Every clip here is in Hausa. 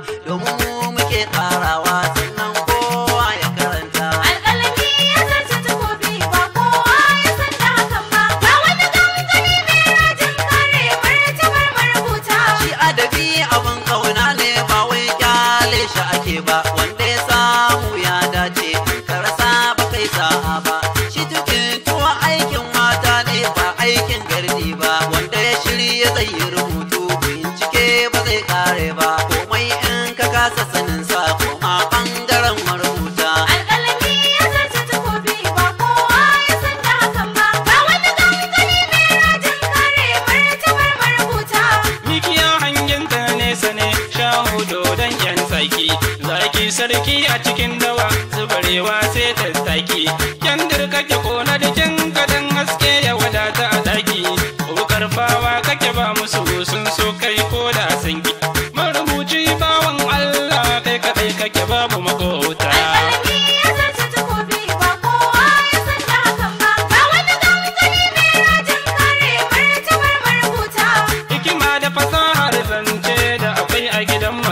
karanta domin mu muke karawa sannan kowa ya karanta alƙalami ya zarce takobi ba kowa ya san da hakan ba ga wani gawun gani mai rajin kare martabar marubuta shi adabi abin kauna ne ba wai kyale shi ake ba wanda ya samu ya dace karasa ba kai ba shi tukin tuwa aikin mata ne ba aikin gardi ba wanda ya shirya zai yi sarki a cikin dawa zubarewa sai tattaki kyandir kake kona jin kadan haske ya wadata a daki ko karfawa kake ba musu sun so kai ko da sun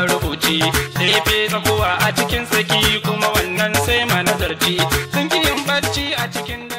rubuci sai fesa kowa a cikin saki kuma wannan sai manazarci sun ki yin barci a cikin